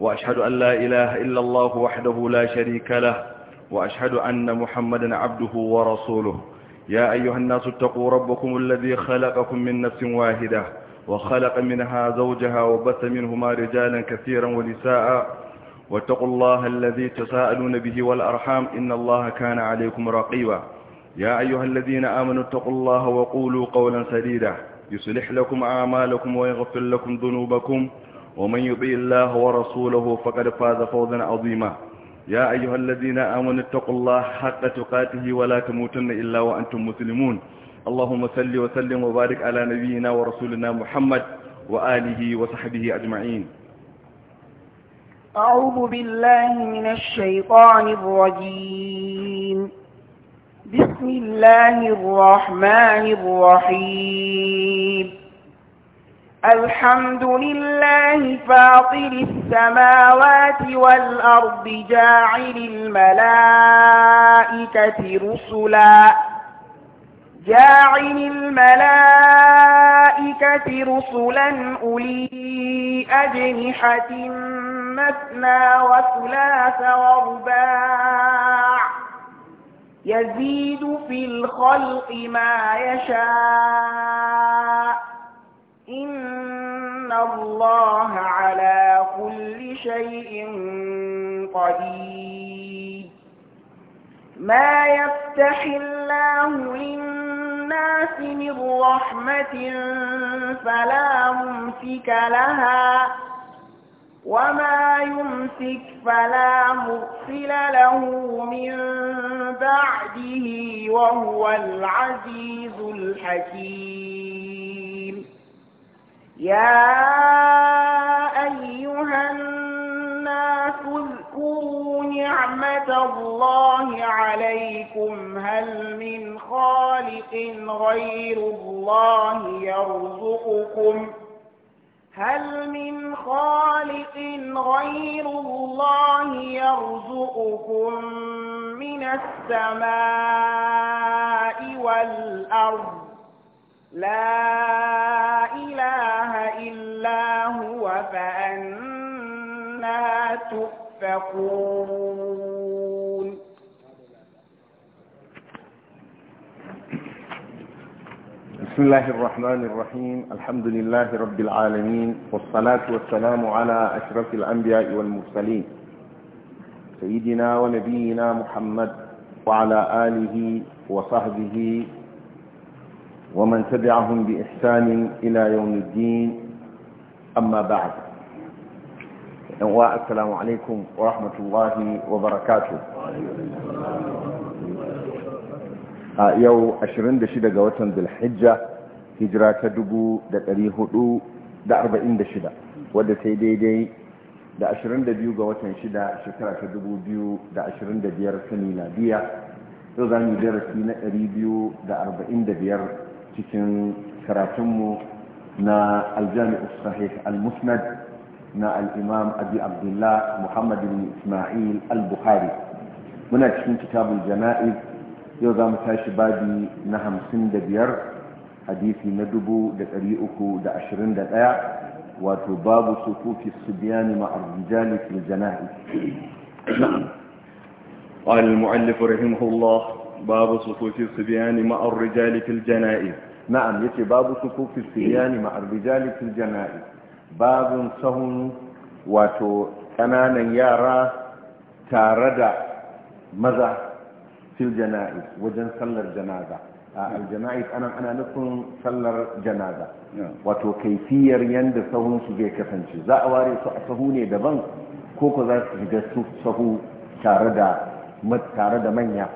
وأشهد أن لا إله إلا الله وحده لا شريك له وأشهد أن محمدا عبده ورسوله يا أيها الناس اتقوا ربكم الذي خلقكم من نفس واحدة وخلق منها زوجها وبث منهما رجالا كثيرا ونساء واتقوا الله الذي تساءلون به والأرحام إن الله كان عليكم رقيبا يا أيها الذين آمنوا اتقوا الله وقولوا قولا سديدا يصلح لكم أعمالكم ويغفر لكم ذنوبكم ومن يطيع الله ورسوله فقد فاز فوزا عظيما يا أيها الذين آمنوا اتقوا الله حق تقاته ولا تموتن إلا وأنتم مسلمون اللهم صل وسلم وبارك على نبينا ورسولنا محمد وآله وصحبه أجمعين أعوذ بالله من الشيطان الرجيم بسم الله الرحمن الرحيم الحمد لله فاطر السماوات والأرض جاعل الملائكة رسلا جاعل الملائكة رسلا أولي أجنحة مثنى وثلاث ورباع يزيد في الخلق ما يشاء إن الله على كل شيء قدير ما يفتح الله للناس من رحمة فلا ممسك لها وما يمسك فلا مرسل له من بعده وهو العزيز الحكيم يا أيها الناس اذكروا نعمة الله عليكم هل من خالق غير الله يرزقكم هل من خالق غير الله يرزقكم من السماء والأرض لا إله إلا هو فأنا تؤفكون بسم الله الرحمن الرحيم الحمد لله رب العالمين والصلاة والسلام على أشرف الأنبياء والمرسلين سيدنا ونبينا محمد وعلى آله وصحبه ومن تبعهم بإحسان إلى يوم الدين أما بعد السلام عليكم ورحمة الله وبركاته يو أشرين دشدة قوتن بالحجة هجرة تدبو دقريه دو دا أربعين دشدة ودى سيدي دي da شدة ga تدبو ديو دا أشرين دبيار سنينا na biya yau za mu دا أربعين دبيار cikin karatunmu na aljami'u sahih al-musnad na al-imam abi abdullah muhammad bin isma'il al-bukhari muna cikin kitabul jana'iz yau za mu tashi babi na hamsin da biyar hadisi na dubu da ɗari uku da ashirin da ɗaya wato babu sufufi subiyani ma'ar rijali fil jana'iz قال المؤلف رحمه الله باب صفوف الصبيان مع الرجال في الجنائز na'am yace babu sufufi siriyani ma arrijali fil jana'i babun sahun wato kananan yara tare da maza fil jana'i wajen sallar janaza aljana'i anan ana nufin sallar janaza wato kaifiyar yanda sahun su zai kasance za a ware su a sahu ne daban ko ko za su shiga sahu tare da tare da manya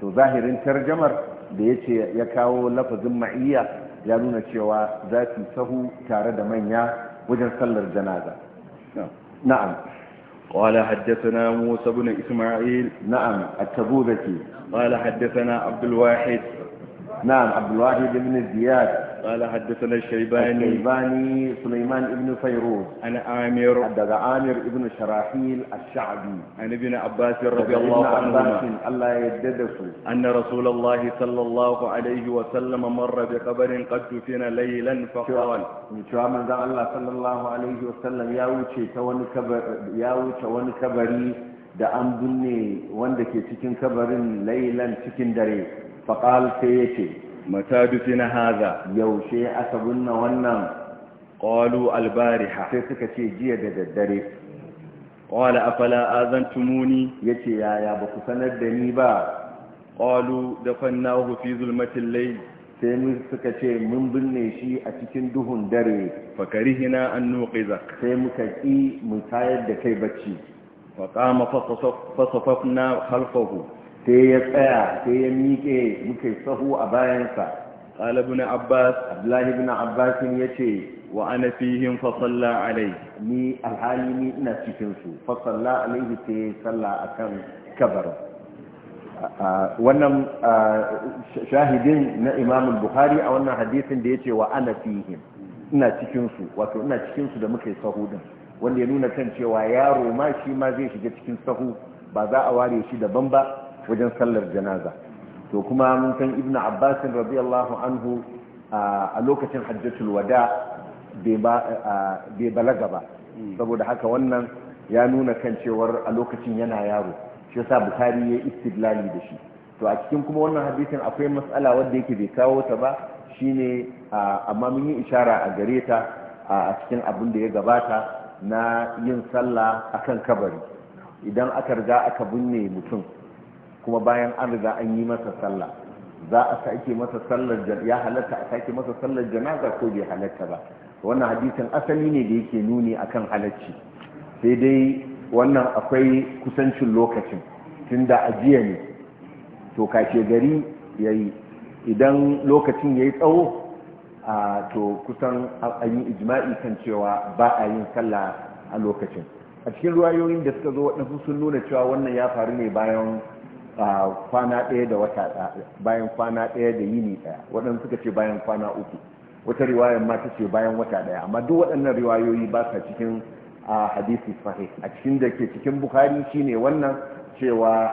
to zahirin tarjamar da ya ce ya kawo lafazin ma'iyya ya nuna cewa za su sahu tare da manya wajen sallar janaza na'am قال حدثنا موسى بن na'am نعم التبوذكي قال حدثنا عبد الواحد نعم عبد الواحد بن زياد قال حدثنا الشيباني الشيباني سليمان بن فيروز أنا عامر حدث عامر بن شراحيل الشعبي عن ابن عباس رضي الله عنهما الله يددس أن رسول الله صلى الله عليه وسلم مر بقبر قد دفن ليلا فقال شو من ذا الله صلى الله عليه وسلم يا وجه تون كبر يا وجه ون كبري da an binne wanda ke cikin kabarin lailan cikin dare faƙal sai ya ce matadufi na haza yaushe aka binne wannan ƙwalu albariha sai suka ce jiya da daddare qala afala azantumuni yace yaya ba ku sanar da ni ba qalu dafannahu fi zulmatil layl sai mun suka ce mun binne shi a cikin duhun dare fakarihina an nuqizak sai muka ƙi mu tayar da kai bacci faqama fasafafna khalfahu sai ya tsaya sai ya miƙe muke sahu a bayansa قال ابن عباس عبد الله بن عباس يتي وانا فيهم فصلى عليه ني ina فصلى عليه تي صلى akan kabar wannan shahidin na Imam Bukhari a wannan hadisin da yace wa ana fihim ina cikinsu su wato ina cikin su da muke sahu din wanda ya nuna kan cewa yaro ma shi ma zai shiga cikin sahu ba za a ware shi daban ba wajen sallar janaza to kuma mun san ibnu abbas radiyallahu anhu a lokacin hajjatul wada bai balaga ba saboda haka wannan ya nuna kan cewar a lokacin yana yaro shi yasa bukari ya istidlali da shi to a cikin kuma wannan hadisin akwai matsala wanda yake bai kawo ta ba shine amma mun yi ishara a gare ta a cikin abin da ya gabata na yin sallah akan kabari idan aka riga aka binne mutum kuma bayan an riga an yi masa sallah za a sake masa sallar ya halatta a sake masa sallar janaza ko bai halatta ba wannan hadisin asali ne da yake nuni akan halacci sai dai wannan akwai kusancin lokacin tunda ajiya ne to kashe gari yayi idan lokacin yayi tsawo a to kusan an yi ijma'i kan cewa ba a yin sallah a lokacin a cikin ruwayoyin da suka zo waɗansu sun nuna cewa wannan ya faru ne bayan kwana ɗaya da wata bayan kwana ɗaya da yini ɗaya waɗanda suka ce bayan kwana uku wata riwayar ma ta ce bayan wata ɗaya amma duk waɗannan riwayoyi ba sa cikin hadisi sahih a cikin da ke cikin bukari shine wannan cewa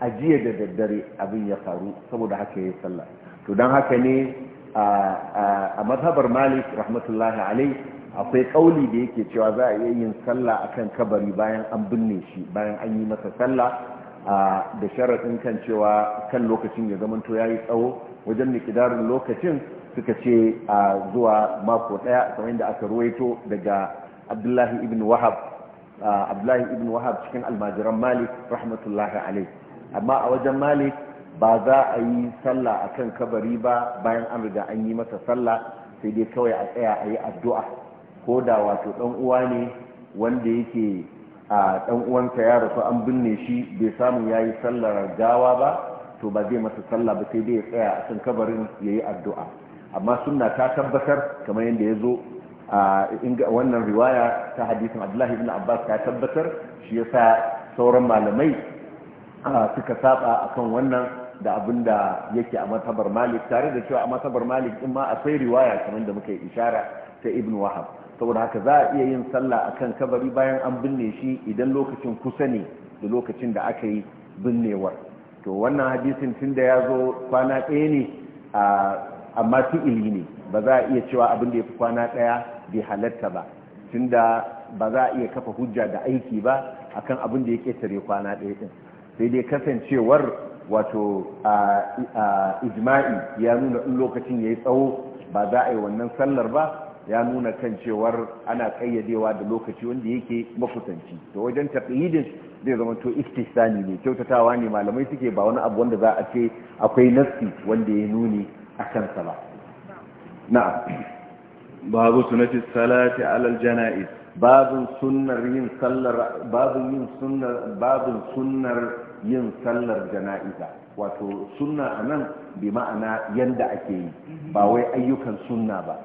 ajiya da daddare abin ya faru saboda haka ya yi sallah to don haka ne a mazhabar malik rahmatullahi alai akwai kauli da yake cewa za a iya yin sallah akan kabari bayan an binne shi bayan an yi masa sallah da sharaɗin kan cewa kan lokacin ya zamanto ya yi tsawo wajen nikidarin lokacin suka ce a zuwa mako ɗaya kamar da aka ruwaito daga abdullahi ibn wahab abdullahi ibn wahab cikin almajiran malik rahmatullahi alai amma a wajen malik ba za a yi sallah a kan kabari ba bayan an riga an yi masa sallah sai dai kawai a tsaya a yi addu'a ko da wato ɗan uwa ne wanda yake a dan uwanka ya rasu an binne shi bai samu yayi sallar gawa ba to ba zai masa sallah ba sai dai ya tsaya a kan kabarin ya yi addu'a amma sunna ta tabbatar kamar yadda ya zo a wannan riwaya ta hadisin Abdullahi ibn Abbas ta tabbatar shi yasa sauran malamai suka saba akan wannan da abin da yake a matabar malik tare da cewa a matabar malik in ma a akwai riwaya kamar da muka yi ishara ta ibn wahab saboda haka za a iya yin sallah a kan kabari bayan an binne shi idan lokacin kusa ne da lokacin da aka yi binnewar to wannan hadisin tun da ya zo kwana ɗaya ne amma fi'ili ne ba za a iya cewa abin da ya fi kwana ɗaya bai halatta ba tun da ba za a iya kafa hujja da aiki ba akan abin da ya ƙetare kwana ɗaya ɗin sai dai kasancewar wato ijma'i ya nuna in lokacin ya yi tsawo ba za a yi wannan sallar ba ya nuna kan cewar ana kayyadewa da lokaci wanda yake makusanci to wajen taƙidin zai zama to istisani ne kyautatawa ne malamai suke ba wani abu wanda za a ce akwai nassi wanda ya nuni a kansa ba na'am babu sunati salati alal janaiz Babu sunnar yin sallar babu yin sunnar babin sunnar yin sallar jana'iza wato sunna a nan bi ma'ana yanda ake yi ba wai ayyukan sunna ba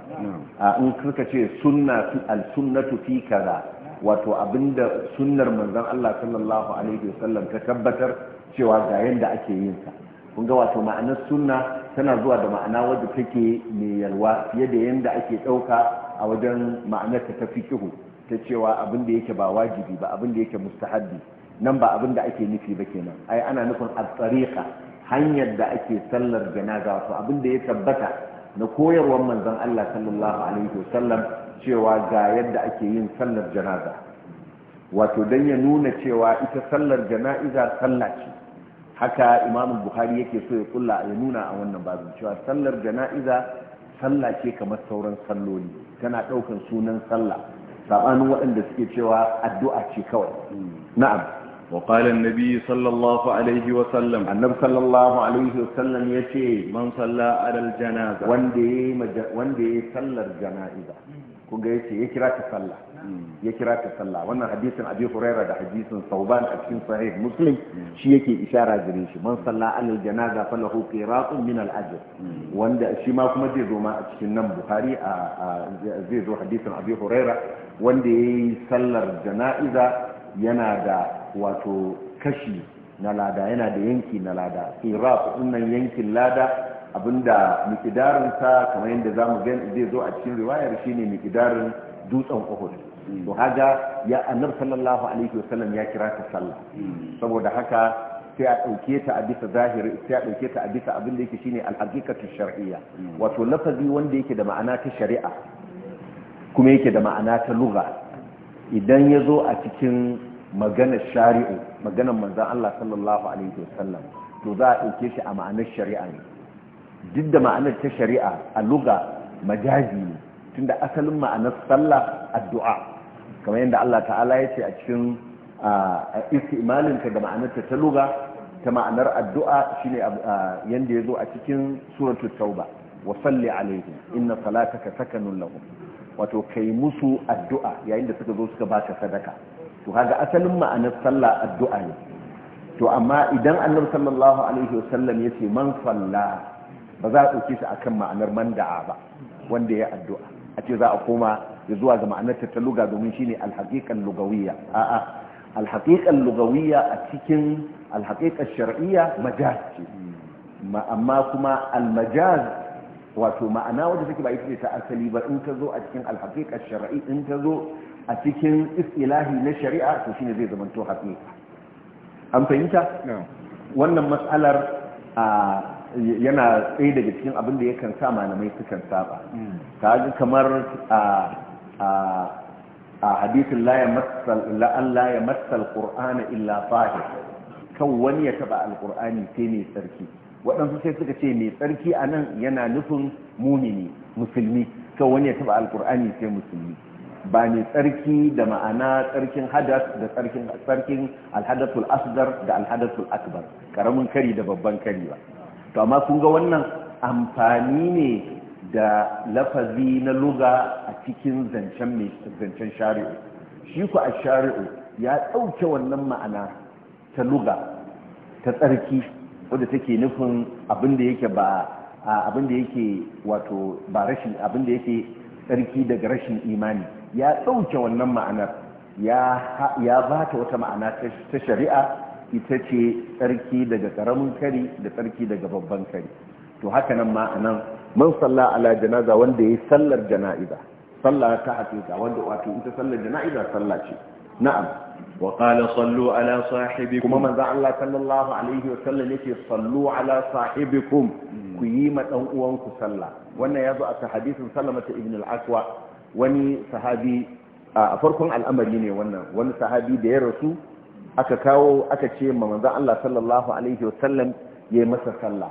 a in suka ce sunna al-sunnatu fi kaza wato abinda sunnar manzon Allah sallallahu alaihi wasallam ta tabbatar cewa ga yadda ake yin sa kun ga wato ma'anar sunna tana zuwa da ma'ana wadda take mai yalwa fiye da yanda ake ɗauka a wajen ma'anar ta fi kihu ta cewa abinda yake ba wajibi ba abinda yake mustahabbi nan ba abin da ake nufi ba kenan ai ana nufin at-tariqa hanyar da ake sallar janaza wato abin da ya tabbata na koyarwar manzon Allah sallallahu alaihi wasallam cewa ga yadda ake yin sallar janaza wato dan ya nuna cewa ita sallar jana'iza sallah ce haka Imam Bukhari yake so ya kulla ya nuna a wannan babin cewa sallar jana'iza sallah ce kamar sauran salloli tana daukan sunan sallah sabanin waɗanda suke cewa addu'a ce kawai hmm. na'am وقال النبي صلى الله عليه وسلم النبي صلى الله عليه وسلم يتي من صلى على الجنازة وندي مج... وندي صلى الجنازة kun ga yace ya kira ta sallah ya kira ta sallah wannan hadisin abi huraira da hadisin sauban a cikin sahih muslim shi yake ishara gare shi man salla al janaza falahu qiratun min al wanda shi kuma zai zo a cikin nan buhari zai zo hadisin abi wanda yayi sallar jana'iza yana da wato kashi na lada yana da yanki na lada iraq dinnan yankin lada abinda mikidarinsa kamar yadda za mu gani zai zo a cikin riwayar shine mikidarin dutsen uhud hmm. to haga ya annabi sallallahu alaihi wasallam ya kira ta sallah hmm. saboda haka sai a ɗauke ta a bisa zahiri sai a ɗauke ta a bisa abin da yake shine al-haqiqatu shar'iyya hmm. wato lafazi wanda yake da ma'ana ta shari'a kuma yake da ma'ana ta lugha idan ya zo a cikin maganar shari'u maganar manzan Allah sallallahu alaihi wasallam to za a ɗauke shi a ma'anar shari'a ne duk da ma'anar ta shari'a a luga majazi ne tunda asalin ma'anar sallah addu'a kamar yadda Allah ta'ala ya ce a cikin a istimalinka da ma'anarta ta luga ta ma'anar addu'a shi ne yadda ya zo a cikin suratul tauba wa salli inna salataka sakanun lahum wato kai musu addu'a yayin da suka zo suka baka sadaka to haga asalin ma'anar sallah addu'a ne to amma idan annabi sallallahu alaihi wasallam yace man salla ba za a dauke shi akan ma'anar man da'a ba wanda ya addu'a a ce za a koma ya zuwa ga ma'anar ta luga domin shine alhaqiqan lugawiyya a a alhaqiqan lugawiyya a cikin alhaqiqan shar'iyya majaz ce amma kuma almajaz wato ma'ana wadda take ba ita ce ta asali ba in ta zo a cikin alhaqiqa shar'i in ta zo a cikin istilahi na shari'a to shine zai zama to haqiqa an fahimta wannan mas'alar yana tsaye daga cikin abin da yakan sa malamai sukan saba hmm. kaga kamar a a hadisin la ya matsal qur'ana illa fahim kan wani ya taba alqur'ani sai ne sarki waɗansu sai suka ce mai tsarki a nan yana nufin mumini musulmi kan wani ya taɓa alkur'ani sai musulmi ba mai tsarki da ma'ana tsarkin hadas da tsarkin alhadatul asgar da alhadatul akbar karamin kari da babban kari ba to amma kun ga wannan amfani ne da lafazi na luga a cikin zancen shari'u shi ku a shari'u ya ɗauke wannan ma'ana ta luga ta tsarki wadda take nufin abin da yake ba abin da yake wato ba rashin abin da yake tsarki daga rashin imani ya ɗauke wannan ma'anar ya ba ta wata ma'ana ta shari'a ita ce tsarki daga ƙaramin kari da tsarki daga babban kari to haka nan ma'anan man salla ala janaza wanda ya sallar jana'iza sallah ta haƙiƙa wanda wato ita sallar jana'iza sallah ce na'am wa qala sallu ala sahibikum kuma manza Allah sallallahu alaihi wa sallam yake sallu ala sahibikum mm. ku yi ma dan uwanku sallah wannan ya zo a hadisin Salamata ibn al-Aswa wani sahabi a farkon al'amari ne wannan wani sahabi da ya rasu aka kawo aka ce ma manza Allah sallallahu alaihi wa sallam yayi masa sallah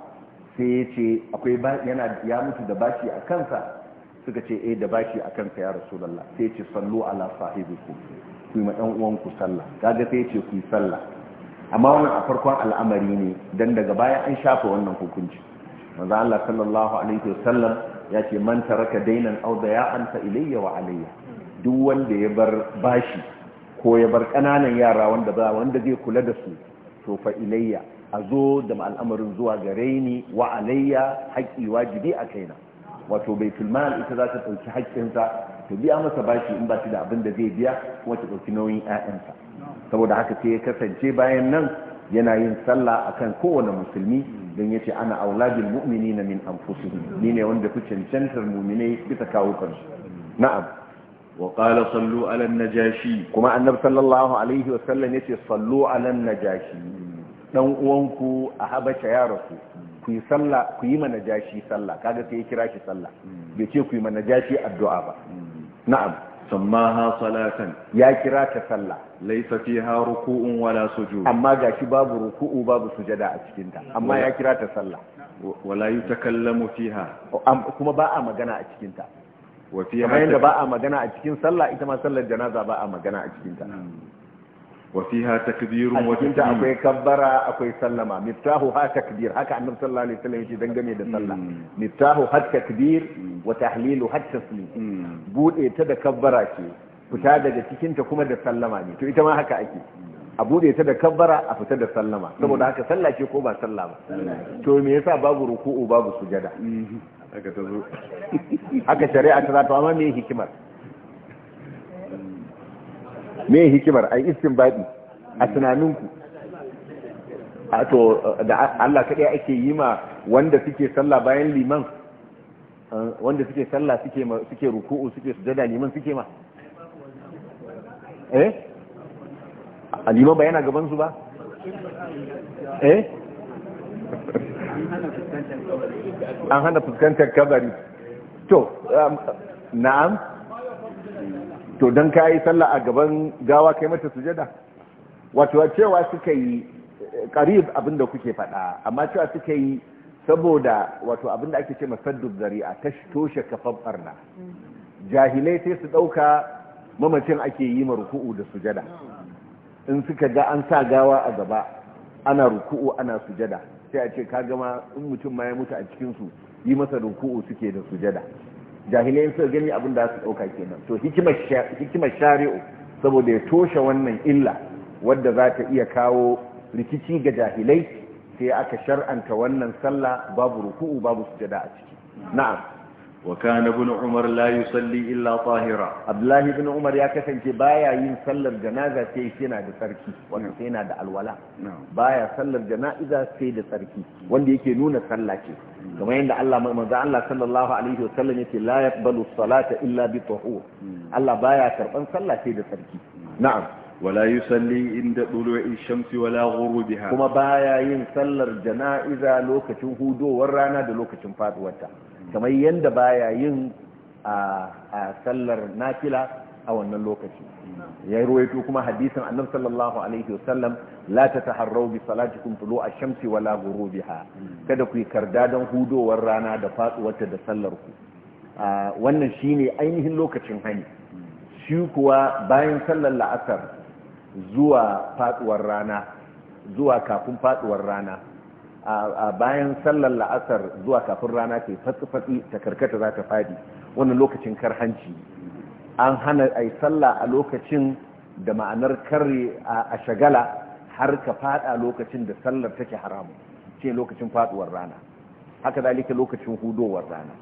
sai ya ce akwai yana ya mutu da bashi a kansa suka ce eh da bashi a kansa ya rasulullah sai ya ce sallu ala sahibikum ku yi ma uwanku sallah kaga sai ce ku yi sallah amma wannan a farkon al'amari ne dan daga baya an shafa wannan hukunci manzo Allah sallallahu alaihi wasallam ya ce man taraka dainan auda ya fa ilayya wa alayya duk wanda ya bar bashi ko ya bar ƙananan yara wanda ba wanda zai kula da su to fa ilayya a zo da al'amarin zuwa gare ni wa alayya haƙƙi wajibi a kaina wato bai mal ita za ta ɗauki haƙƙinsa ta biya masa bashi in ba shi da abin da zai biya kuma ta ɗauki nauyin ƴaƴansa saboda haka sai ya kasance bayan nan yana yin sallah akan kowane musulmi don ya ce ana auladul na min anfusihim ni ne wanda ku cancantar mu'minai bisa kawo kansu na'am wa qala sallu ala najashi kuma annabi sallallahu alaihi wa sallam yace sallu ala najashi dan uwanku a habasha ya rasu ku yi sallah ku yi ma najashi sallah kaga sai ya kira shi sallah hmm. bai ce ku yi ma najashi addu'a ba hmm. na'am sammaha salatan ya kira ta sallah laysa fiha ruku'un wala sujud amma gashi babu ruku'u babu sujada a cikin ta amma ya kira ta sallah wala yutakallamu fiha kuma ba a magana a cikin ta wa fiha yadda ba a magana a cikin sallah ita ma sallar janaza ba a magana a cikin ta wa fiha takbirun wa taslim akwai kabbara akwai sallama miftahu ha takbir haka annabi sallallahu alaihi wasallam yake dangane da sallah hmm. miftahu ha takbir hmm. wa tahlilu ha taslim hmm. bude ta da kabbara ce fita daga cikin ta kuma da sallama ne to ita ma haka ake a bude ta da kabbara a fita da sallama saboda haka sallah ce ko ba sallah ba to me yasa babu ruku'u babu sujada haka ta zo haka shari'a ta zato amma me hikimar me hikimar ai istinbadi a tunaninku a to da Allah kaɗai ake yi ma wanda suke sallah bayan liman wanda suke sallah suke suke ruku'u suke sujada liman suke ma eh liman ba yana gaban su ba eh an hana fuskantar kabari to um, na'am to don ka yi sallah a gaban gawa kai mata sujada wato cewa suka yi karib abinda kuke faɗa amma cewa suka yi saboda wato abinda ake ce masaddu a ta toshe kafan barna jahilai sai su ɗauka mamacin ake yi ma ruku'u da sujada in suka ga an sa gawa a gaba ana ruku'u ana sujada sai a ce ka gama in mutum ma ya mutu a cikinsu yi masa ruku'u suke da sujada jahilai suka gani abin da su ɗauka kenan to hikimar shari'u saboda ya toshe wannan illa wadda za ta iya kawo rikici ga jahilai sai aka shar'anta wannan sallah babu ruku'u babu sujada a ciki na'am وكان ابن عمر لا يصلي إلا طاهرا عبد الله بن عمر يا كسن بايا ين صلى الجنازة سينا دا سركي وانا سينا دا الولا بايا صلى الجنازة سينا دا سركي وانا يكي نونا صلى كما عند الله مزع الله صلى الله عليه وسلم يكي لا يقبل الصلاة إلا بطهور الله بايا كربان صلى سينا دا سركي نعم ولا يصلي عند طلوع الشمس ولا غروبها كما بايا ين صلى الجنازة لوكتن هودو ورانا دا لوكتن فاتوتا kamar yadda baya yin a sallar nafila a wannan lokaci ya ruwaito kuma hadisin annabi sallallahu alaihi wasallam la tataharraw bi kun tulo a shamsi wala ghurubiha kada ku karda dan hudowar rana da fatsuwarta da sallar ku wannan shine ainihin lokacin hani shi kuwa bayan sallar la'asar zuwa faduwar rana zuwa kafin faduwar rana a bayan sallar la'asar zuwa kafin rana ce fatsi-fatsi ta karkata za ta fadi wannan lokacin karhanci an hana a yi sallah a lokacin da ma'anar kare a shagala har ka fada lokacin da sallar take haramu ce lokacin faduwar rana haka dalika lokacin hudowar rana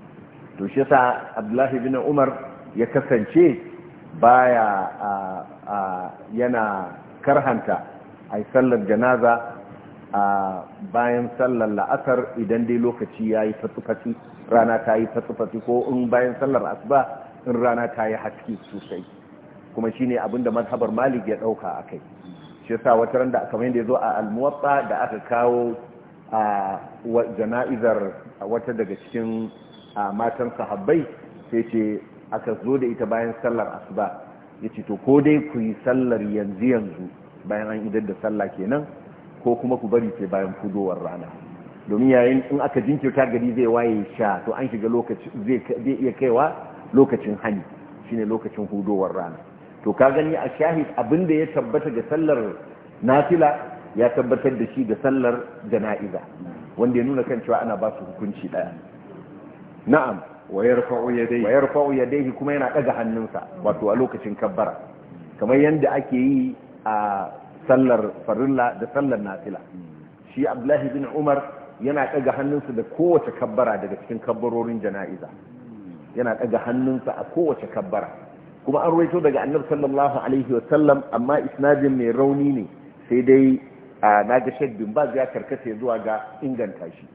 to shi sa abdullahi bin umar ya kasance baya yana karhanta a yi sallar janaza a bayan sallar la'asar idan dai lokaci ya yi fatsifati rana ta yi fatsifati ko in bayan sallar asuba in rana ta yi haske sosai kuma shi ne abinda mazhabar malik ya ɗauka a kai shi sa wata randa a kamar yadda ya zo a almuwatsa da aka kawo a jana'izar wata daga cikin matan sahabbai sai ce aka zo da ita bayan sallar asuba ya ce to ko dai ku yi sallar yanzu yanzu bayan an idar da sallah kenan ko kuma ku bari sai bayan fudowar rana domin yayin in aka jinkirta gari zai waye sha to an shiga lokaci zai iya kaiwa lokacin hani shine lokacin hudowar rana to ka gani a shahid abinda ya tabbata ga sallar nafila ya tabbatar da shi da sallar jana'iza wanda ya nuna kan cewa ana ba su hukunci daya na'am wa yarfa'u yadayhi kuma yana daga hannunsa wato a lokacin kabbara kamar yadda ake yi a sallar farilla da sallar nafila shi abdullahi bin umar yana ɗaga hannunsa da kowace kabbara daga cikin kabbarorin jana'iza yana ɗaga hannunsa a kowace kabbara kuma an rawaito daga annabi sallallahu alaihi wa sallam amma isnadin mai rauni ne sai dai a naga shaddin ba ya karkace zuwa ga inganta shi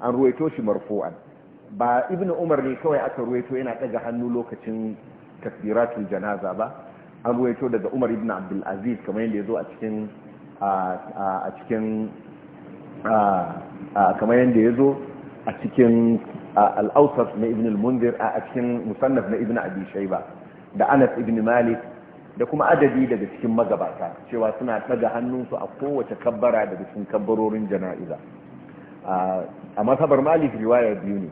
an ruwaito shi marfu'an ba ibnu umar ne kawai aka ruwaito yana ɗaga hannu lokacin takbiratul janaza ba an ruwaito daga umar ibn abdulaziz kamar yadda ya zo a cikin a cikin kamar yadda ya zo a cikin na ibn al-mundir a cikin musannaf na ibn abi da anas ibn malik da kuma adadi daga cikin magabata cewa suna ɗaga hannunsu a kowace kabbara daga cikin kabbarorin jana'iza a masabar malik riwaya biyu ne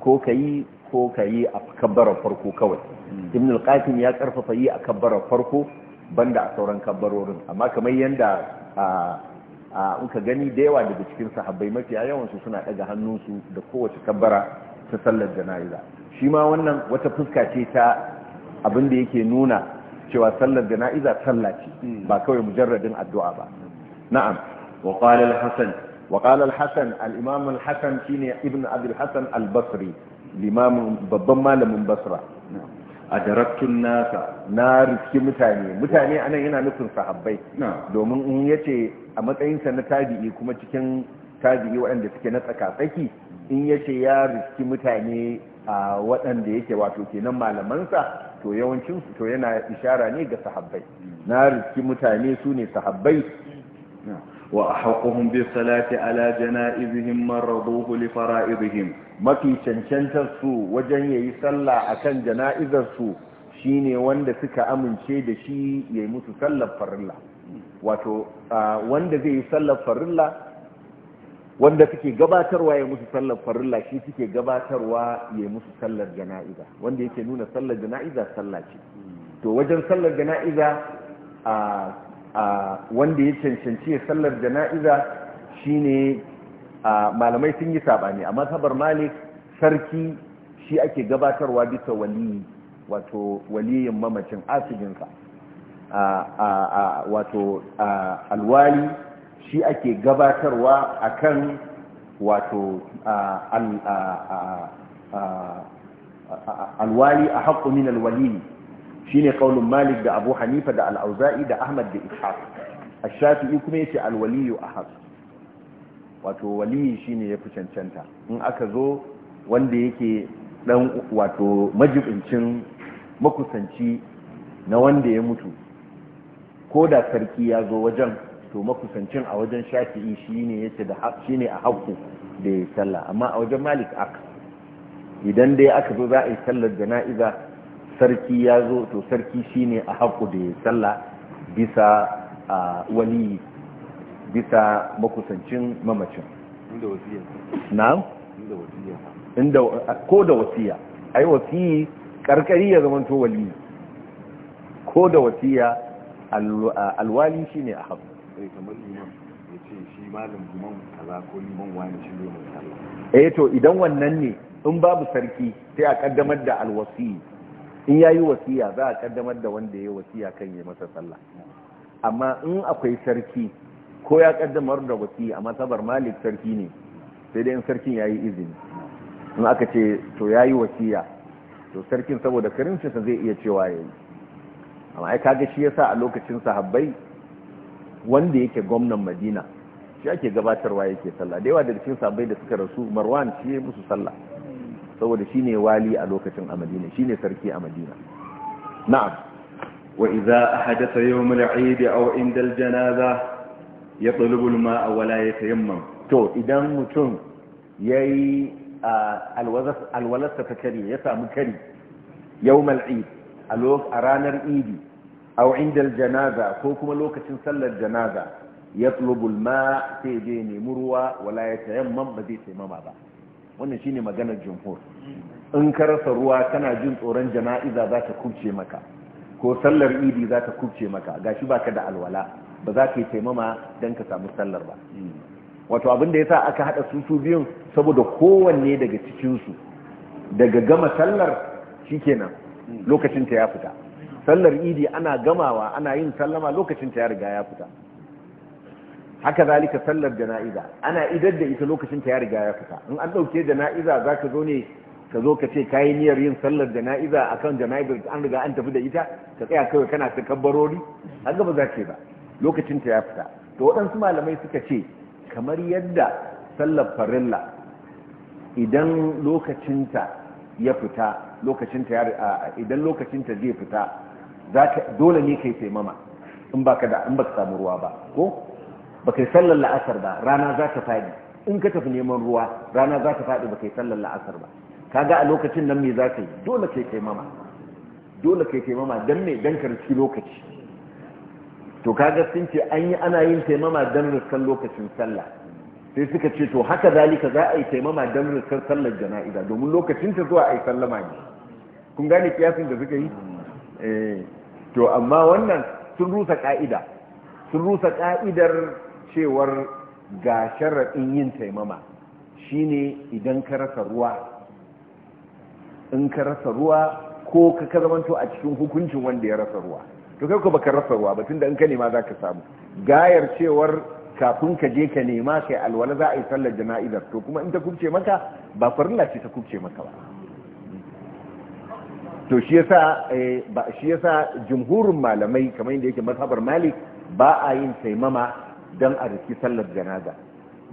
ko ka yi ko ka yi a kabbarar farko kawai ibn al-qasim ya karfafa yi a kabbarar farko banda a sauran kabbarorin amma kamar yanda a in gani da yawa daga cikin sahabbai mafiya yawan su suna daga hannunsu da kowace kabbara ta sallar jana'iza shi ma wannan wata fuska ce ta abin da yake nuna cewa sallar jana'iza salla ce ba kawai mujarradin addu'a ba na'am wa qala al-hasan وقال الحسن الإمام الحسن شيني ابن أبي الحسن البصري limamin babban malamin basra a daraktun nasa na riski mutane mutane anan yana nufin sahabbai domin in ya ce a matsayinsa na tabi'i kuma cikin tabi'i waɗanda suke na tsaki in yace ya riski mutane a waɗanda yake wato kenan malamansa to yawancin to yana ishara ne ga sahabbai hmm. na riski mutane su ne sahabbai وأحقهم بالصلاة على جنائزهم من رضوه لفرائضهم ما في شنشنتر سو وجن يسلى أكن جنائزر سو shine wanda suka amince da shi ya yi musu sallar farilla wato wanda zai yi sallar wanda suke gabatarwa ya musu sallar farilla shi suke gabatarwa ya musu sallar jana'iza wanda yake nuna sallar jana'iza sallah ce to wajen sallar jana'iza wanda ya cancanci ya sallar jana'iza shine malamai sun yi sabani a mazhabar malik sarki shi ake gabatarwa bisa waliyi wato waliyin mamacin asibinsa wato alwali shi ake gabatarwa akan wato alwali a haƙƙo min shine qaulun malik da abu hanifa da al-auza'i da ahmad da ishaq ash-shafi'i kuma yace al-waliyu ahad wato waliyi shine yafi cancanta in aka zo wanda yake dan wato majibincin makusanci na wanda ya mutu ko da sarki ya zo wajen to makusancin a wajen shafi'i shine yace da shine a haƙu da ya sallah amma a wajen malik aka idan dai aka zo za a yi sallar jana'iza sarki ya zo to sarki shine a haƙu da ya sallah bisa wani bisa makusancin mamacin inda wasiya na inda wasiya inda ko da wasiya ai wasiya ƙarƙari ya zama to wali ko da wasiya alwali shine a haƙu eh, kamar liman ya ce shi malam liman kaza ko liman wani shi ne mai sallah eh to idan wannan ne in babu sarki sai a kaddamar da alwasiya in ya yi wasiya za a kaddamar da wanda yi wasiya kan yi masa sallah amma in akwai sarki ko ya kaddamar da wasiya amma sabar malik sarki ne sai dai in sarkin yi izini in aka ce to ya yi wasiya to sarkin saboda karincinsa zai iya cewa ya yi amma ai kaga shi yasa a lokacin sahabbai wanda yake gwamnan Madina shi ake gabatarwa yake sallah da yawa daga cikin sahabbai da suka rasu Marwan shi ya musu sallah saboda shi ne wali a lokacin a madina ne sarki a madina na'am wa idza ahadatha yawm al-eid aw inda al-janaza yatlubu al-ma'a wa la yatayammam to idan mutum yayi alwazaf alwalasta ta kari ya samu kari yawm al-eid a ranar idi aw inda al-janaza ko kuma lokacin sallar janaza yatlubu al-ma'a sai je nemi ruwa wala yatayammam ba zai taimama ba wannan shine maganar jumhur in ka rasa ruwa kana jin tsoron jana'iza za ta kubce maka ko sallar idi za ta kubce maka gashi baka da alwala ba za ka yi taimama don ka samu sallar ba wato abin da sa aka haɗa su su biyun saboda kowanne daga cikin su daga gama sallar shikenan lokacin ta ya fita sallar idi ana gamawa ana yin sallama lokacin ta ya riga ya fita haka zalika sallar jana'iza ana idar da ita lokacin ta ya riga ya fita in an ɗauke jana'iza za ka zo ne ka zo ka ce ka niyyar yin sallar jana'iza a kan jana'izar an riga an tafi da ita ka tsaya kawai kana ta kabbarori an gaba za ke ba lokacin ta ya fita to waɗansu malamai suka ce kamar yadda sallar farilla idan lokacinta ya fita lokacinta ya idan lokacinta zai fita dole ne kai taimama in baka da in baka samu ruwa ba ko ba kai sallar la'asar ba rana za ta faɗi in ka tafi neman ruwa rana za ta faɗi ba kai sallar la'asar ba ka ga a lokacin nan me za ka yi dole kai kai mama dole kai kai mama dan me dan karfi lokaci to kaga sun ce an yi ana yin taimama dan riskan lokacin sallah sai suka ce to haka zalika za a yi taimama dan riskan sallar jana'iza domin lokacin ta zuwa a yi sallama ne kun gane kiyasin da suka yi eh. to amma wannan sun rusa ka'ida sun rusa ka'idar cewar ga sharaɗin yin taimama shine idan ka rasa ruwa in ka rasa ruwa ko ka karamanto a cikin hukuncin wanda ya rasa ruwa to kai ko baka rasa ruwa ba da in ka nema za ka samu gayar cewar kafin ka je ka nema kai alwala za a yi sallar jana'izar to kuma in ta kubce maka ba farilla ce ta kubce maka ba to shi yasa eh, ba shi yasa jumhurin malamai kamar yadda yake mazhabar malik ba a yin taimama don a riski sallar janaza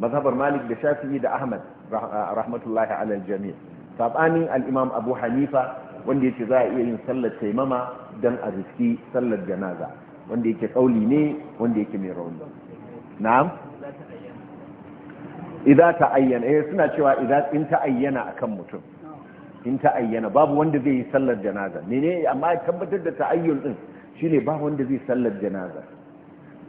mazhabar malik da shafi'i da ahmad rahmatullahi Alal jami'a. sabanin Al'imam abu hanifa wanda yake za a iya yin sallar taimama don a riski sallar janaza wanda yake kauli ne wanda yake mai rauni na'am idza ta ayyana eh suna cewa idza in ta ayyana akan mutum in ta ayyana babu wanda zai yi sallar janaza ne ne amma tabbatar da ta ta'ayyun din shine ba wanda zai sallar janaza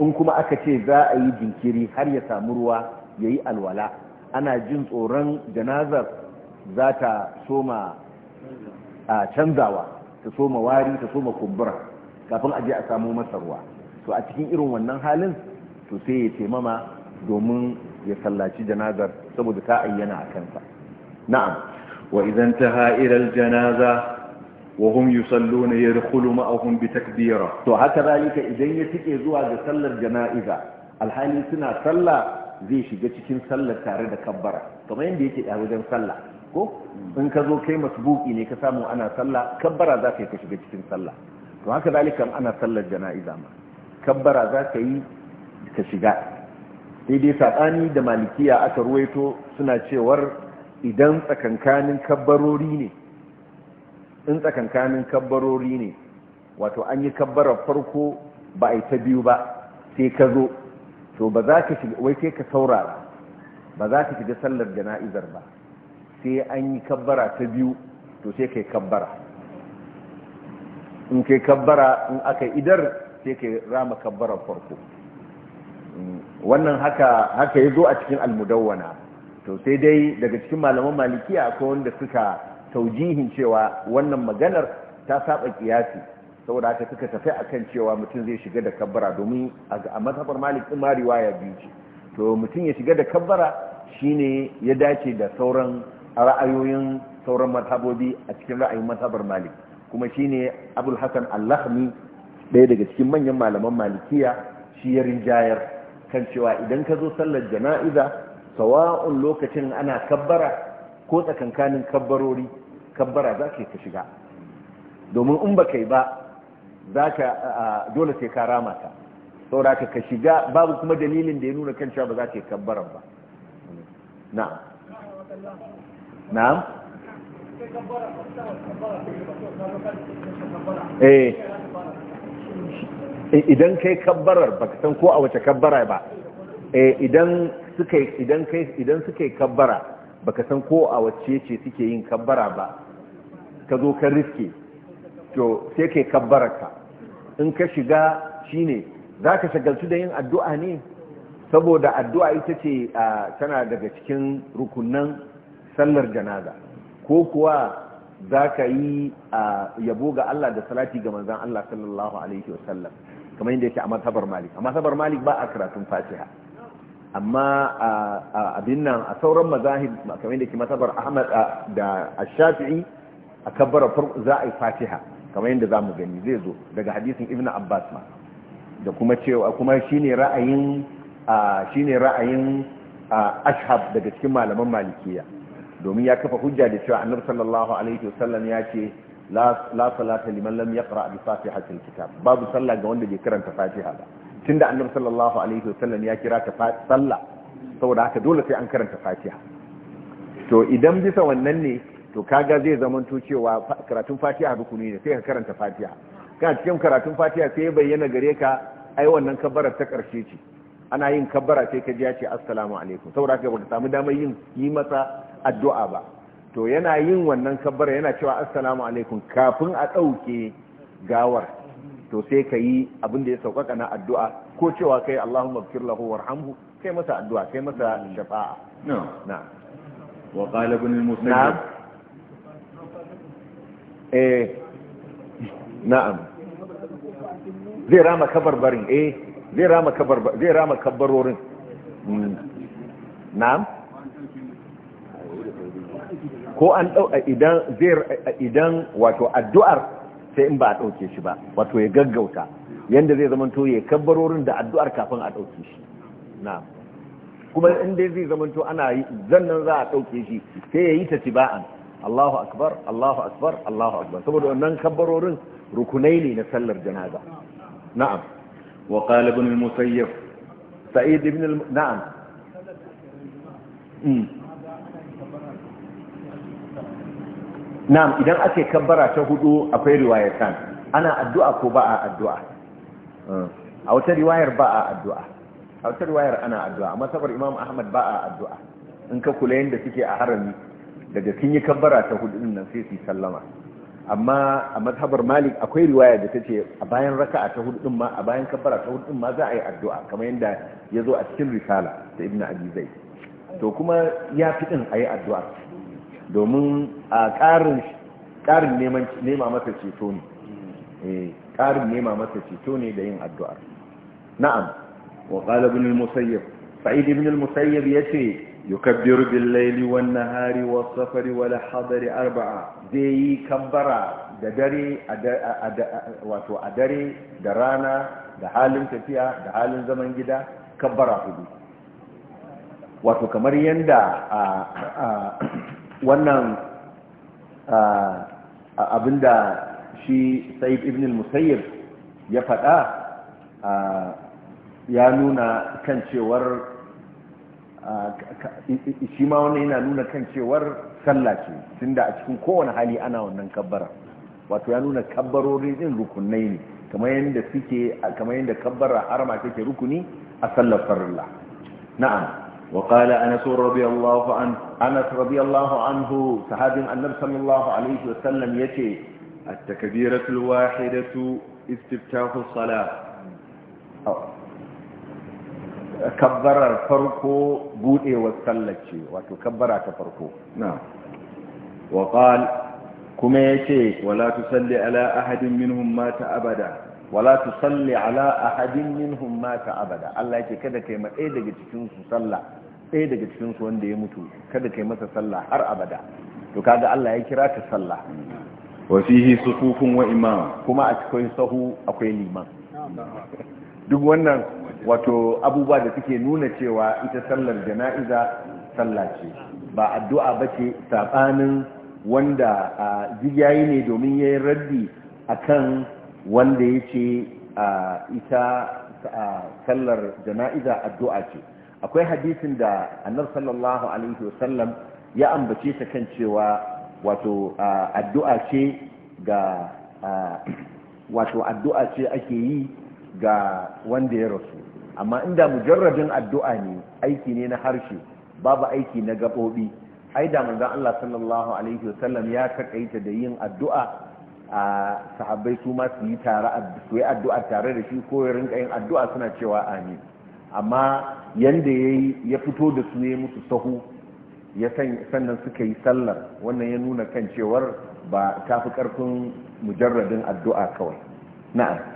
in kuma aka ce za a yi jinkiri har ya samu ruwa ya yi alwala ana jin tsoron janazar za ta soma a canzawa ta soma wari ta soma kumbura kafin a je a samu masa ruwa to a cikin irin wannan halin to sai ya taimama domin ya sallaci janazar saboda ta ayyana a kansa na'am wa idan ta ha'irar janaza وهم يصلون يدخل معهم بتكبيرة تو هكذلك إذن يتكي زوا جسل الجنائزة الحالي سنة صلى زي cikin تكين صلى تارد كبرة كما يندي يتكي أهوزن صلى ko in ka zo kai buƙi ne ka samu ana sallah kabbara za ka ka shiga cikin sallah to haka zalika ana sallar jana'iza ma kabbara za ka yi ka shiga sai dai sabani da malikiya aka ruwaito suna cewar idan tsakankanin kabbarori ne in tsakankanin kabbarori ne wato an yi kabbarar farko ba a yi ta biyu ba sai ka zo to ba za ka shiga wai sai ka saurara ba za ka shiga sallar jana'izar ba sai an yi kabbara ta biyu to sai kai kabbara in kai kabbara in aka idar sai kai rama kabbarar farko wannan haka haka ya zo a cikin almudawana to sai dai daga cikin malaman malikiya akwai wanda suka taujihin cewa wannan maganar ta saba kiyasi saboda haka suka tafi akan cewa mutum zai shiga da kabbara domin a mazhabar malik din riwaya biyu ce to mutum ya shiga da kabbara shine ya dace da sauran ra'ayoyin sauran mazhabobi a cikin ra'ayin mazhabar malik kuma shine abul hasan al ɗaya daga cikin manyan malaman malikiya shi ya rinjayar kan cewa idan ka zo sallar jana'iza sawa'un lokacin ana kabbara ko tsakankanin kabbarori tabbara za ka ka shiga domin in ba yi ba za ka dole sai ka rama ta saboda ka shiga babu kuma dalilin da ya nuna kan cewa ba za ka yi tabbara ba na'am na'am eh. idan kai kabbarar ba ka san ko a wace kabbara ba eh, idan suka kai yi kabbara baka san ko a wace ce suke yin kabbara ba ka zo ka riske to sai kai kabbararka in ka shiga shine za ka shagaltu da yin addu'a ne saboda addu'a ita ce tana daga cikin rukunan sallar janaza ko kuwa za ka yi yabo ga Allah da salati ga manzan Allah sallallahu alaihi wasallam kamar yadda yake a masabar malik a mazhabar malik ba a karatun fatiha amma abin nan a sauran mazahid kamar yadda ke masabar ahmad da ashafi'i a kabbara farko za a yi fatiha kamar yadda za mu gani zai zo daga hadisin ibn abbas ma da kuma cewa kuma shine ra'ayin shine ra'ayin ashab daga cikin malaman malikiya domin ya kafa hujja da cewa annabi sallallahu alaihi wasallam ya ce la salata liman lam yaqra bi fatihatil kitab babu sallah ga wanda bai karanta fatiha ba tunda annabi sallallahu alaihi wasallam ya kira ta sallah saboda haka dole sai an karanta fatiha to idan bisa wannan ne to kaga zai zamanto cewa karatun fatiha rukuni ne sai ka karanta fatiha ka cikin karatun fatiha sai bayyana gare ka ai wannan kabbara ta karshe ce ana yin kabbara sai ka ji ya ce assalamu alaikum saboda haka ba samu damar yin yi masa addu'a ba to yana yin wannan kabbara yana cewa assalamu alaikum kafin a ɗauke gawar to sai ka yi abin da ya sauƙaƙa na addu'a ko cewa kai Allahumma ighfir lahu warhamhu kai masa addu'a kai masa shafa'a na'am wa qala ibn al eh na'am zai rama kabarbarin eh zai rama kabarbar zai rama kabarorin hmm. na'am ko an dau idan zai idan wato addu'ar sai in ba a dauke shi ba wato ya gaggauta yanda zai zama to ya kabarorin da addu'ar kafin a dauke shi na'am kuma in dai zai zama to ana zannan za a dauke shi sai ya yi ta tiba'an Allahu akbar Allahu akbar Allahu akbar saboda wannan kabbarorin rukunai ne na sallar janaza na'am wa qala ibn al-musayyib sa'id ibn na'am hmm. na'am idan ake kabbara ta hudu akwai riwayatan ana addu'a ko ba a addu'a a wata riwayar ba a addu'a a wata riwayar ana addu'a amma sabar imam ahmad ba a addu'a in ka kula yadda suke a harami daga sun yi kabbara ta hudu nan sai su sallama amma a mazhabar malik akwai riwaya da ta ce a bayan raka'a ta hudu din ma a bayan kabbara ta hudu din ma za a yi addu'a kamar yadda ya zo a cikin risala ta ibnu abi zai to kuma ya fi din a yi addu'a domin a ƙarin ƙarin nema masa ceto ne eh ƙarin nema masa ceto ne da yin addu'ar na'am wa qala ibn al-musayyib sa'id ibn al-musayyib yace yukabbiru bil laili wan nahari was safari wal hadari arba'a zai yi kabbara da dare wato a dare da rana da halin tafiya da halin zaman gida kabbara hudu wato kamar yanda wannan abinda shi sa'id ibn al-musayyib ya faɗa ya nuna kan cewar shi ma wannan yana nuna kan cewar sallah ce tunda a cikin kowane hali ana wannan kabbara wato ya nuna kabbarori din rukunai ne kamar yadda suke kamar yadda kabbara harama take rukuni a sallar farilla na'am وقال أنس رضي الله عنه أنس رضي الله عنه صحابي النبي صلى الله عليه وسلم يتي التكبيرة الواحدة استفتاح الصلاة kabbarar farko budewar sallace wato kabbara ta farko na wa qal kuma yace wala tusalli ala ahadin minhum mata abada wala tusalli ala ahadin minhum mata abada Allah yake kada kai ma ɗaya daga cikinsu su sallah ɗaya daga cikin wanda ya mutu kada kai masa sallah har abada to kaga Allah ya kira ta salla wa fihi sufufun wa imam kuma a cikin sahu akwai liman duk wannan wato abubuwa da suke nuna cewa ita sallar jana'iza salla ce ba addu'a ba ce saɓanin wanda jiyayi ne domin ya yi raddi a kan wanda ya ce ita sallar jana'iza addu'a ce akwai hadisin da annar sallallahu alaihi wasallam ya ambace ta kan cewa wato addu'a ce ga wato addu'a ce ake yi ga wanda ya rasu amma inda mujarrabin addu'a ne aiki ne na harshe babu aiki na gaɓoɓi ai da manzon Allah sallallahu alaihi wasallam ya takaita da yin addu'a a sahabbai su ma su yi tare su yi addu'a tare da shi ko rinka yin addu'a suna cewa amin amma yanda yayi ya fito da su ya musu sahu ya sannan suka yi sallar wannan ya nuna kan cewar ba tafi ƙarfin mujarradin addu'a kawai na'am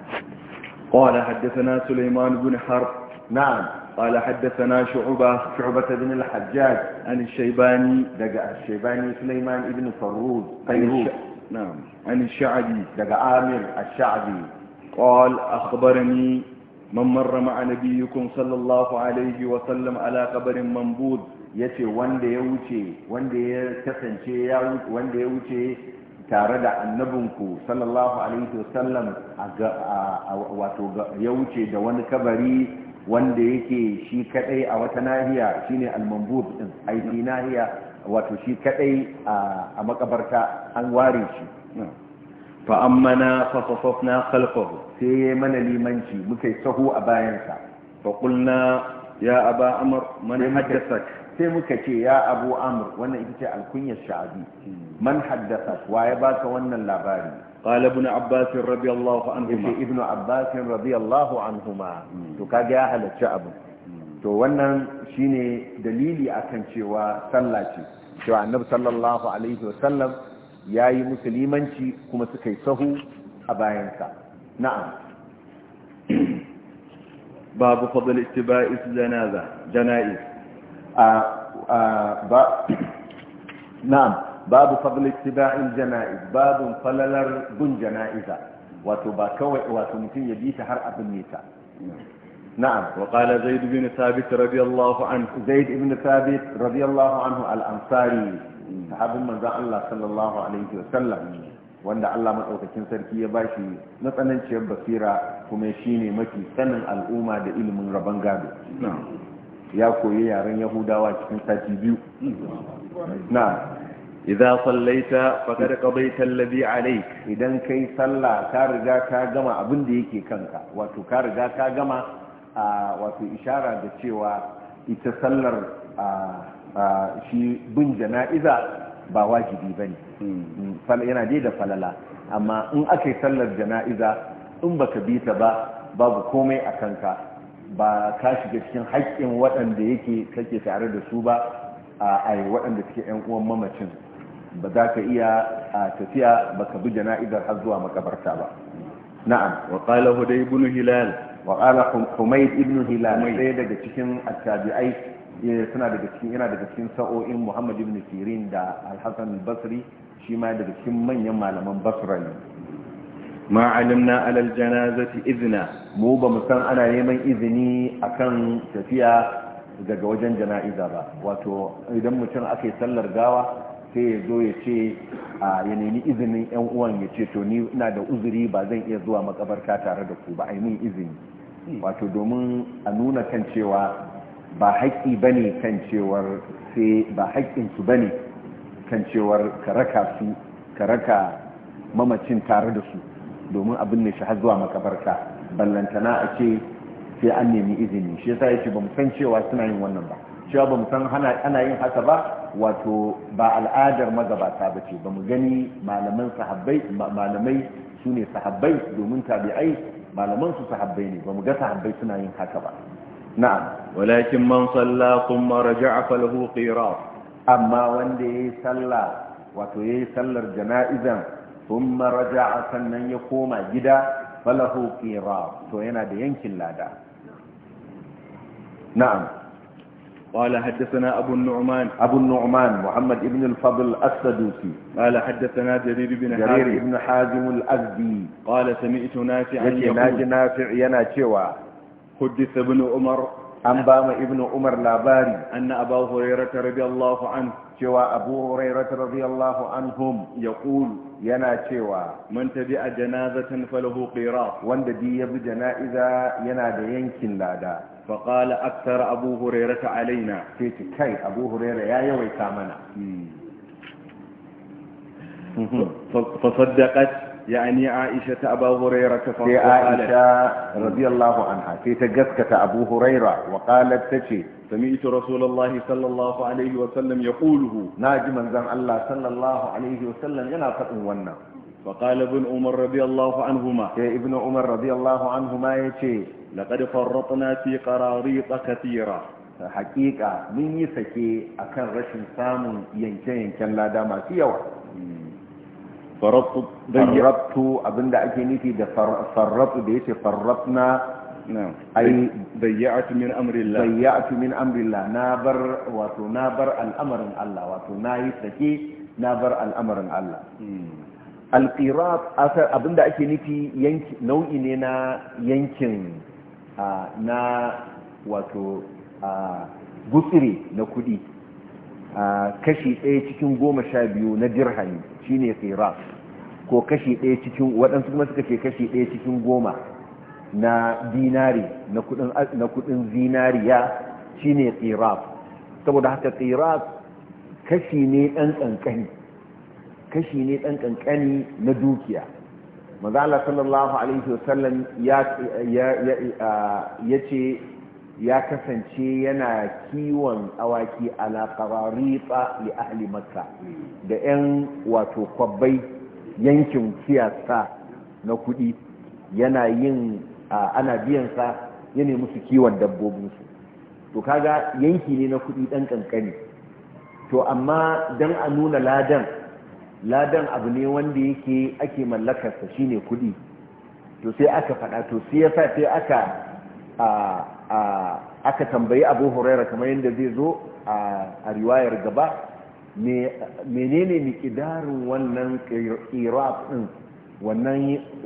قال حدثنا سليمان بن حرب نعم قال حدثنا شعبة شعبة بن الحجاج عن الشيباني دقاء الشيباني سليمان بن فروز فيروز نعم عن الشعبي دقاء عامر الشعبي قال أخبرني من مر مع نبيكم صلى الله عليه وسلم على قبر منبوذ yace wanda ya wuce wanda ya kasance ya wanda ya wuce tare da annabinku sallallahu alaihi wasallam wato ya wuce da wani kabari wanda yake shi kadai a wata nahiya shine al ɗin din aiki nahiya wato shi kadai a makabarta an ware shi fa ammana fa safafna khalfahu sai mana limanci muka sahu a bayansa fa qulna ya aba amr man haddathaka sai muka ce ya abu amur wannan ita ce alkunyar sha'abi man haddasa wa ya baka wannan labari qala ibn abbas radiyallahu anhuma yace ibn abbas radiyallahu anhuma to kaga ya halacci abu to wannan shine dalili akan cewa sallah ce cewa annabi sallallahu alaihi wasallam yayi musulmanci kuma suka yi sahu a bayansa na'am babu fadl istiba'i janaza janaiz na'am babu fadl ittiba'il jana'iz babu falalar bin jana'iza wato ba kawai wato mutum ya bi ta har abin nisa نعم وقال زيد بن ثابت رضي الله عنه زيد بن ثابت رضي الله عنه الأنصاري صحاب من ذا الله صلى الله عليه وسلم وأن الله ما أوكتين سركي يباشي نتأنا نشيب بصيرة كما شيني مكي سنن الأمة دا إلم ربان قادو نعم ya koyi yaren yahudawa cikin sati biyu na idza sallaita faqad qadayta alladhi alayk idan kai sallah ka riga ka gama abin da yake kanka wato ka riga ka gama wato ishara da cewa ita sallar shi bin jana'iza ba wajibi ne. Hmm. yana dai da falala amma in aka yi sallar jana'iza in baka bi ta ba babu komai a kanka ba ka shiga cikin haƙƙin waɗanda yake kake tare da su ba a waɗanda suke yan uwan mamacin ba za ka iya tafiya ba ka bi jana'izar har zuwa makabarta ba na'am wa qala huday ibn hilal wa qala humayd ibn hilal sai daga cikin attabi'ai suna daga cikin yana daga cikin sa'o'in Muhammad ibn Sirin da Al-Hasan al-Basri shi ma daga cikin manyan malaman Basra ne ma alimna alal janazati izna mu ba mu san ana neman izini akan tafiya daga wajen jana'iza ba wato idan mutum aka yi sallar gawa sai ya zo ya ce a ya izinin yan uwan ya ce to ni ina da uzuri ba zan iya zuwa makabarta tare da ku ba a yi izini hmm. wato domin a nuna kan cewa ba haƙƙi bane kan cewar sai ba haƙƙin su bane kan cewar ka su ka raka mamacin tare da su domin abin ne shi har zuwa makabarta ballantana a ce sai an nemi izini shi yasa yace ba mu san cewa suna yin wannan ba cewa ba mu san ana yin haka ba wato ba al'adar magabata ba ce ba mu gani malaman sahabbai malamai su ne sahabbai domin tabi'ai malaman su sahabbai ne ba mu ga sahabbai suna yin haka ba na'am walakin man salla kuma raja'a falahu qiras amma wanda yayi sallah wato yayi sallar jana'izan ثم رجع sannan ya koma gida falahu qirar to yana da yankin lada na'am قال حدثنا أبو النعمان أبو النعمان محمد بن الفضل السدوسي قال حدثنا جرير بن حازم جرير حازم الأزدي قال سمعت نافعا يقول نافع يناتوا حدث ابن عمر an ba ma ibnu umar labari anna abu hurairata radiyallahu anhu cewa abu hurairata radiyallahu Ya yaqulu yana cewa Mun tabi a janazatan falahu qirat wanda bi ya bi jana'iza yana da yankin lada fa qala abu abu ta alaina sai ce kai abu hurairah ya yawaita mana fa saddaqat يعني عائشة أبا هريرة في عائشة رضي الله عنها في تجسكة أبو هريرة وقالت تشي سمعت رسول الله صلى الله عليه وسلم يقوله ناجما زم الله صلى الله عليه وسلم ينا فتن فقال ابن عمر رضي الله عنهما يا ابن عمر رضي الله عنهما يتشي لقد فرطنا في قراريط كثيرة حقيقة من يسكي أكن رشن سامن ينكين كان لا دام في يوم farrabtu abinda ake nufi da farrabtu da yace farrabna ai dayya'atu min amrillah dayya'atu min amrillah na bar wato na bar al'amarin Allah wato na yi sake na bar al'amarin Allah hmm. alqirat asar abinda ake nufi yanki nau'i ne na yankin ah, na wato ah, gutsire na kudi kashi ɗaya cikin goma sha biyu na dirhami shine qiras ko kashi ɗaya cikin waɗansu kuma suka ce kashi ɗaya cikin goma na dinari na kudin na kudin zinariya shine qiras saboda haka qiras kashi ne ɗan kankani kashi ne ɗan kankani na dukiya manzo Allah sallallahu alaihi wasallam ya ya ya ce ya kasance yana kiwon awaki ala ba li ahli makka da yan wato kwabbai yankin kiyasa na kudi yana yin ana biyan sa ya nemi su kiwon dabbobin su to kaga yanki ne na kudi dan ƙanƙani to amma don a nuna ladan ladan abu ne wanda yake ake mallakarsa shine kudi to sai aka faɗa to sai sai aka aka tambayi abu huraira kamar yadda zai zo a riwayar gaba menene mikidarin wannan iraq din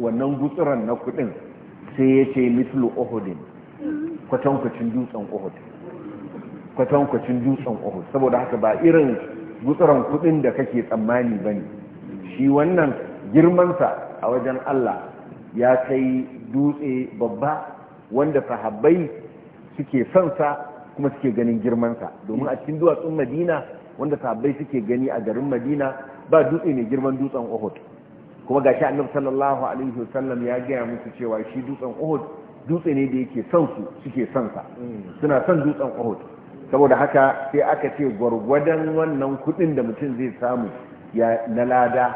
wannan gutsuran na kudin sai ya ce mitlu ohudin kwatankwacin dutsen ohud kwatankwacin dutsen ohud saboda haka ba irin gutsuran kudin da kake tsammani ba ne shi wannan girmansa a wajen allah ya kai dutse babba wanda sahabbai suke son sa kuma suke ganin girmansa, domin a cikin duwatsun Madina wanda sahabbai suke gani a garin Madina ba dutse ne girman dutsen Uhud kuma gashi Annabi sallallahu alaihi wasallam ya gaya musu cewa shi dutsen Uhud dutse ne da yake son su suke son sa suna son dutsen Uhud saboda haka sai aka ce gwargwadon wannan kudin da mutum zai samu ya na lada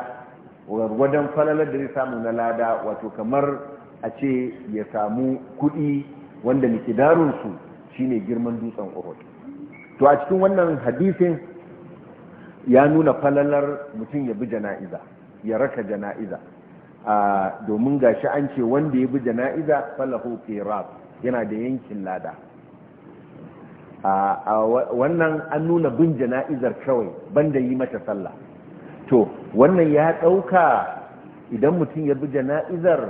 gwargwadon falalar da zai samu na lada wato kamar a ce ya samu kudi wanda su shine girman dutsen uhud to a cikin wannan hadisin ya nuna falalar mutum ya bi jana'iza ya raka jana'iza domin gashi an ce wanda ya bi jana'iza falahu qirat yana da yankin lada a wannan an nuna bin jana'izar kawai banda yi mata sallah to wannan ya dauka idan mutum ya bi jana'izar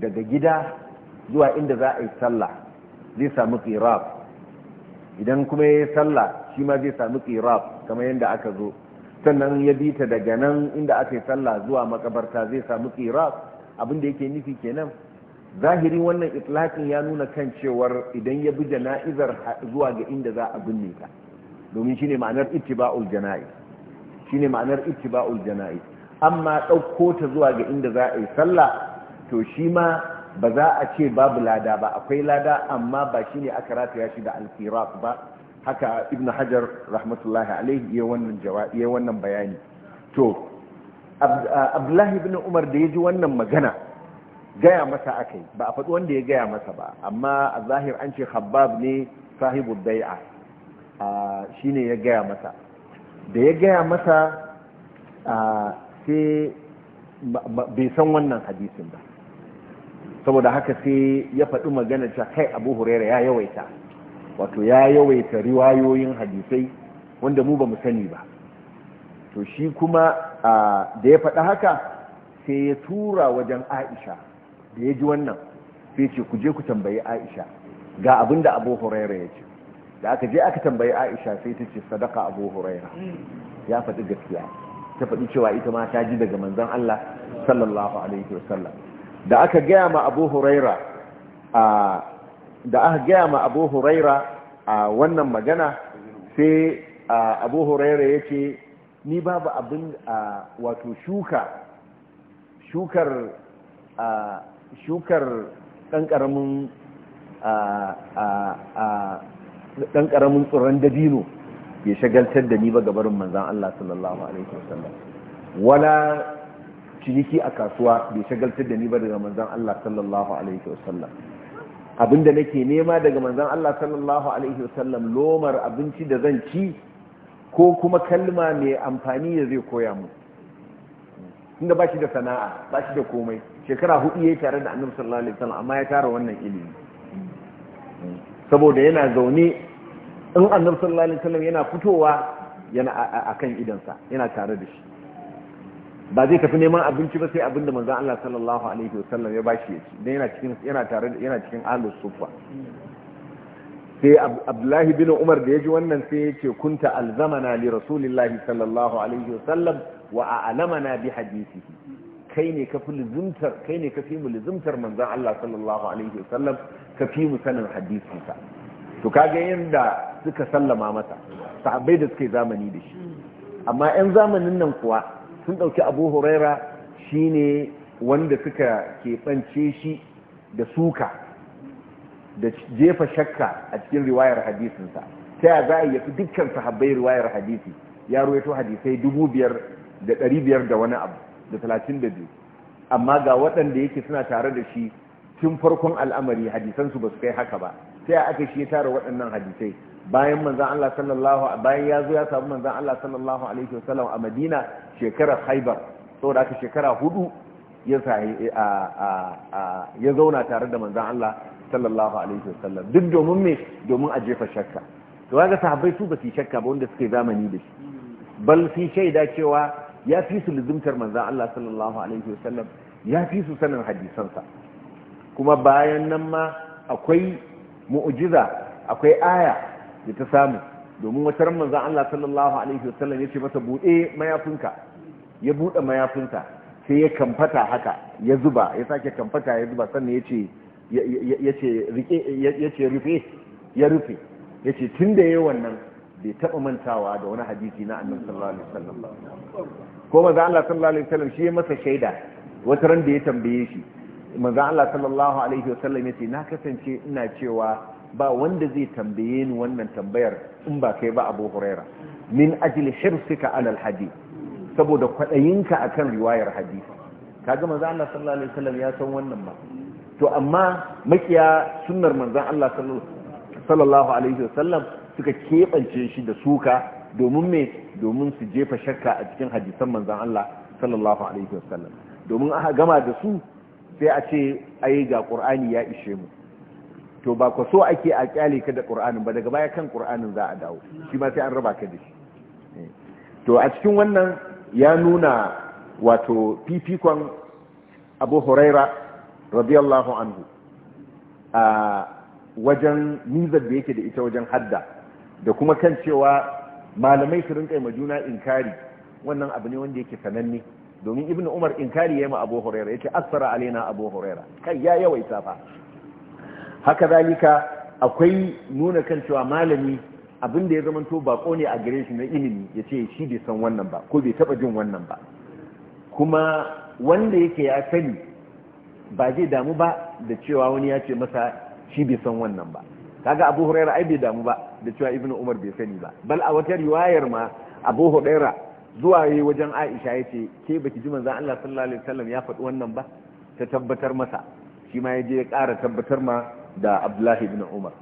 daga gida zuwa inda za a yi sallah zai samu qirab idan kuma ya yi sallah shi ma zai samu qirab kamar yadda aka zo sannan ya bi ta daga nan inda aka yi sallah zuwa makabarta zai samu qirab abin da yake nufi kenan zahirin wannan itlaqin ya nuna kan cewar idan ya bi jana'izar zuwa ga inda za a binne ta domin shine ma'anar ittiba'ul jana'iz shine ma'anar ittiba'ul jana'iz amma dauko ta zuwa ga inda za a yi sallah to shi ma ba za a ce babu lada ba akwai lada amma ba shi ne aka rataya shi da alfiraf ba haka ibn hajar rahmatullahi alaihi ya wannan ya wannan bayani to abdullahi ibn umar da ya ji wannan magana gaya masa akai ba a faɗi wanda ya gaya masa ba amma a zahir an ce habab ne sahibu bai'a shi ne ya gaya masa da ya gaya masa sai bai san wannan hadisin ba saboda haka sai ya faɗi magana ta kai abu huraira ya yawaita wato ya yawaita riwayoyin hadisai wanda mu ba mu sani ba to shi kuma da ya faɗi haka sai ya tura wajen aisha da ya ji wannan sai ce ku je ku tambayi aisha ga abin da abu huraira ya ce da aka je aka tambayi aisha sai ta ce sadaka abu huraira ya faɗi gaskiya ta faɗi cewa ita ma ta ji daga manzon allah sallallahu alaihi wasallam da aka gaya ma abu huraira da aka gaya ma abu huraira a wannan magana sai abu huraira ya ce ni babu abin wato shuka shukar shukar ɗan ƙaramin tsoron dabino ya shagaltar da ni ba gabarin manzan Allah sallallahu Alaihi wasallam wala ciniki a kasuwa bai shagaltar da ni ba daga manzan Allah sallallahu alaihi wasallam abinda nake nema daga manzan Allah sallallahu alaihi wasallam lomar abinci da zan ci ko kuma kalma mai amfani da zai koya mu tunda ba shi da sana'a ba shi da komai shekara hudu ya tare da annabi sallallahu alaihi wasallam amma ya tara wannan ilimi saboda yana zaune in annabi sallallahu alaihi wasallam yana fitowa yana akan idansa yana tare da shi ba zai tafi neman abinci ba sai abinda manzan manzon Allah sallallahu alaihi wasallam ya bashi ya yana cikin yana sufa sai Abdullahi bin Umar da ya ji wannan sai yace kunta alzamana li rasulillahi sallallahu alaihi wasallam wa a'lamana bi hadisi kai ne ka fi lizumtar kai ne ka fi mu lizumtar manzon Allah sallallahu alaihi wasallam ka fi mu sanin hadisinsa to kaga yanda suka sallama masa sahabbai da suke zamani da shi amma 'yan zamanin nan kuwa sun ɗauki abu huraira shine wanda suka keɓance shi da suka da jefa shakka a cikin riwayar hadisinsa ta ya za a yi dukkan sahabbai riwayar hadisi ya ruwaito hadisai dubu biyar da ɗari biyar da wani abu da talatin da biyu amma ga waɗanda yake suna tare da shi tun farkon al'amari hadisansu ba su kai haka ba sai aka shi ya tara waɗannan hadisai bayan manzan Allah sallallahu bayan ya zo ya samu manzan Allah sallallahu alaihi wasallam a Madina shekarar Haibar saboda aka shekara hudu ya ya zauna tare da manzan Allah sallallahu alaihi wasallam duk domin me domin a jefa shakka to kaga sahabbai su ba su shakka ba wanda suke zamani da shi bal fi shaida cewa ya fi su luzumtar manzan Allah sallallahu alaihi wasallam ya fi su sanin hadisansa kuma bayan nan ma akwai mu'jiza akwai aya da ta samu domin wata ran manzon Allah sallallahu alaihi wa wasallam yace masa bude mayafinka ya bude mayafinsa sai ya kamfata haka ya zuba ya sake kamfata ya zuba sannan yace yace rike yace rufe ya rufe yace tunda yayin wannan bai taɓa mantawa da wani hadisi na annabi sallallahu alaihi wa wasallam ko manzon Allah sallallahu alaihi wa sallam shi ya masa shaida wata ran da ya tambaye shi manzon Allah sallallahu alaihi wa wasallam yace na kasance ina cewa ba wanda zai tambaye ni wannan tambayar in ba kai ba abu huraira min ajli hirsika alal hadith saboda kwadayinka akan riwayar hadisi kaga manzo Allah sallallahu alaihi wasallam ya san wannan ba to amma makiya sunnar manzo Allah sallallahu alaihi wasallam suka kebance shi da suka domin me domin su jefa shakka a cikin hadisan manzo Allah sallallahu alaihi wasallam domin aka gama da su sai a ce ai ga qur'ani ya ishe mu to ba ku so ake a kyale ka da qur'anin ba daga baya kan qur'anin za a dawo shi ma sai an raba ka da shi eh. to a cikin wannan ya nuna wato fifikon abu huraira radiyallahu anhu a wajen nizar da yake da ita wajen hadda da kuma kan cewa malamai su rinka ma juna inkari wannan abu ne wanda yake sananne domin ibnu umar inkari ya yi ma abu huraira yake asara alaina abu huraira kai ya yawaita fa haka zalika akwai nuna kan cewa malami abin da ya zama to bako ne a gare shi na ilimi ya ce shi bai san wannan ba ko bai taba jin wannan ba kuma wanda yake ya sani ba zai damu ba da cewa wani ya ce masa shi bai san wannan ba kaga abu huraira ai bai damu ba da cewa ibnu umar bai sani ba bal a wata riwayar ma abu huraira zuwa yi wajen aisha ya ce ke baki ji manzan Allah sallallahu alaihi wasallam ya faɗi wannan ba ta tabbatar masa shi ma ya je ya ƙara tabbatar ma da abdullahi bin umar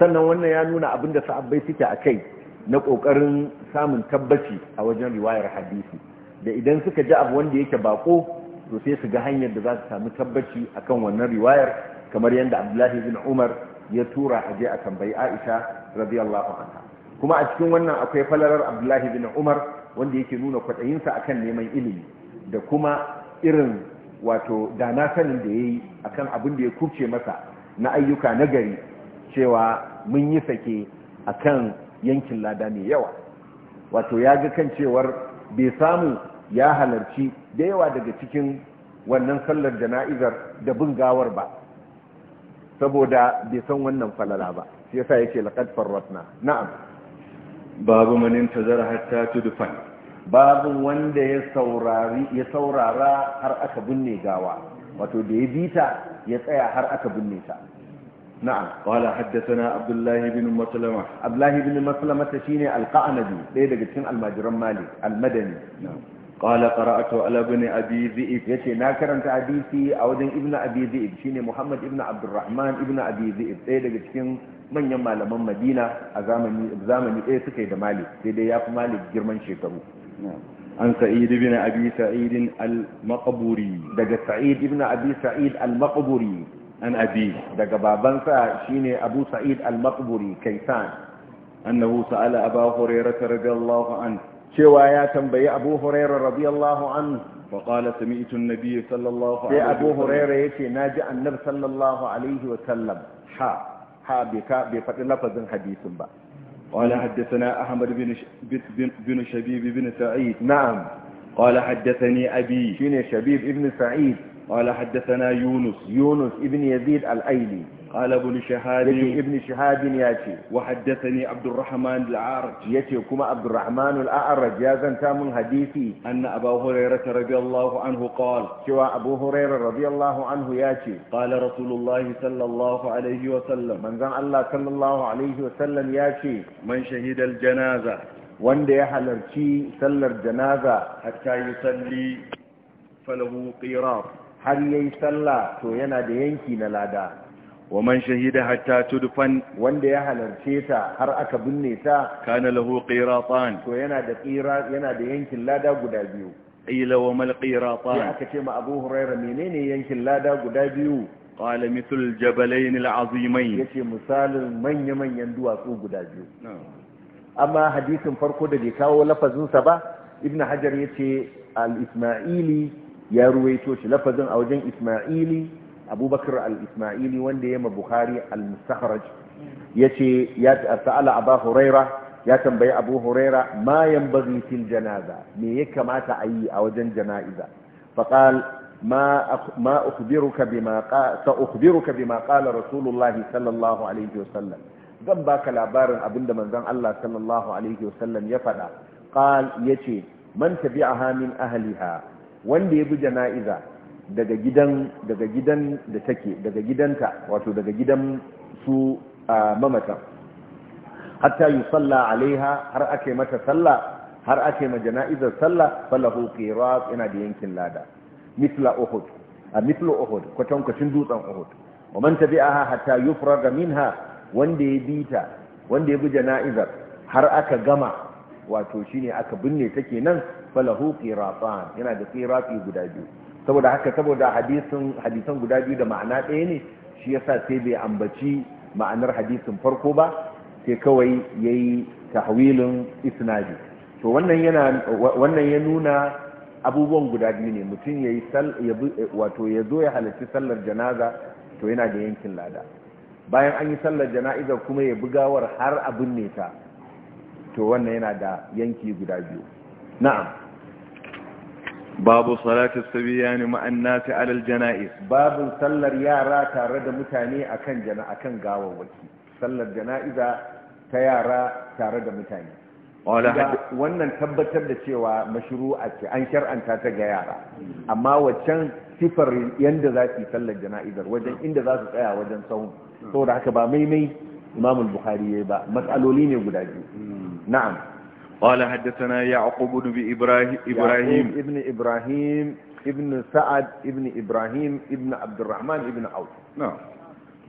sannan wannan ya nuna abin da sahabbai suke a kai na ƙoƙarin samun tabbaci a wajen riwayar hadisi da idan suka ji abu wanda yake bako to sai su ga hanyar da za su samu tabbaci akan wannan riwayar kamar yadda abdullahi ibn umar ya tura a je a tambayi aisha radiyallahu anha kuma a cikin wannan akwai falalar abdullahi bin umar wanda yake nuna kwaɗayinsa akan neman ilimi da kuma irin wato da na sanin da yayi akan abin da ya kuce masa na ayyuka na gari cewa mun yi sake a kan yankin lada mai yawa wato ya ga kan cewar bai samu ya halarci da yawa daga cikin wannan sallar jana'izar da bin gawar ba saboda bai san wannan falala ba shi yasa yake laqad farratna na'am babu man intazara hatta tudfan babu wanda ya saurara har aka binne gawa wato da ya bita ya tsaya har aka binne ta na'am qala haddathana abdullahi bin maslama abdullahi bin maslama ta shine alqanabi dai daga cikin almajiran mali almadani qala qara'tu ala ibn abi zaid yace na karanta hadisi a wajen ibn abi zaid shine muhammad ibn abdurrahman ibn abi zaid daga cikin manyan malaman madina a zamani ɗaya dai suka yi da mali sai dai ya fi mali girman shekaru an sa'id ibn abi sa'id al-maqburi daga sa'id ibn abi sa'id al-maqburi an abi daga baban sa shine abu sa'id al-maqburi kaitan annahu sa'ala aba hurairah radiyallahu an cewa ya tambayi abu hurairah radiyallahu an fa qala sami'tu an-nabiy sallallahu alaihi wa sallam abu hurairah yace naji annab sallallahu alaihi wa sallam ha ha bi ka bi fadin lafazin hadisin ba قال حدثنا أحمد بن, ش... بن شبيب بن سعيد نعم قال حدثني أبي شين شبيب بن سعيد قال حدثنا يونس يونس ابن يزيد الأيلي قال ابن شهاد ابن شهاد ياتي وحدثني عبد الرحمن الأعرج ياتي كما عبد الرحمن الأعرج يا زنتام حديثي أن أبا هريرة رضي الله عنه قال شوى أبو هريرة رضي الله عنه ياتي قال رسول الله صلى الله عليه وسلم من زن الله صلى الله عليه وسلم ياتي من شهد الجنازة wanda ya halarci sallar janaza hatta yusalli falahu qirar har yayi sallah to yana da yanki na lada wa man shahida hatta tudfan wanda ya halarce ta har aka binne ta kana lahu qiratan to yana da qira yana da yankin lada guda biyu qila wa mal qiratan aka ce ma Abu Hurairah menene yankin lada guda biyu qala mithl jabalayn al'azimayn yace misalin manya manyan duwatsu guda biyu amma hadisin farko da bai kawo lafazin sa ba ibnu hajar yace al-isma'ili ya ruwaito shi lafazin a wajen isma'ili abubakar al-isma'ili wanda ya ma bukhari al-mustakhraj yace ya sa'ala abu huraira ya tambayi abu huraira ma yanbaghi fil janaza me ya kamata a yi a wajen jana'iza faqal ma ma ukhbiruka bima sallallahu alaihi wasallam zan baka labarin abinda manzon Allah sallallahu alaihi wasallam ya faɗa qal yace man tabi'aha min ahliha wanda ya bi jana'iza daga gidan daga gidan da take daga gidanta wato daga gidan su mamatan hatta yi salla alaiha har ake mata salla har ake ma jana'izar salla falahu qirat yana da yankin lada mithla uhud a mitla uhud kwatankwacin dutsen uhud wa man tabi'aha hatta yufraga minha wanda ya bita wanda ya bi jana'izar har aka gama wato shine aka binne ta nan falahu qiratan yana da qirati guda biyu saboda haka saboda hadisan guda biyu da ma'ana ɗaya ne shi ya sa sai bai ambaci ma'anar hadisin farko ba sai kawai yayi tahwilin isnadi to wannan ya nuna abubuwan guda biyu ne mutum sal wato ya zo ya halarci sallar janaza to yana da yankin lada bayan an yi sallar jana'izar kuma ya bugawar har a binne ta to wannan yana da yanki guda biyu na'am babu salatu sabiyani ma'an nasi alal jana'iz babu sallar yara tare da mutane akan jana akan gawawwaki sallar jana'iza ta yara tare da mutane wannan tabbatar da cewa mashru'a ce an shar'anta ta ga yara amma waccan sifar yanda za su sallar jana'izar wajen inda za su tsaya wajen sahun saboda haka ba maimai imamul bukhari yayi ba matsaloli ne guda biyu نعم قال حدثنا يعقوب بن إبراهيم إبراهيم ابن إبراهيم ابن سعد ابن إبراهيم ابن عبد الرحمن ابن عوف نعم